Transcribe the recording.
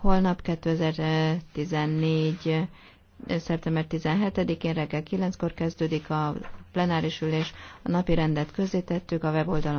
Holnap 2014. szeptember 17-én reggel 9-kor kezdődik a plenáris ülés. A napi rendet közzétettük a weboldalon.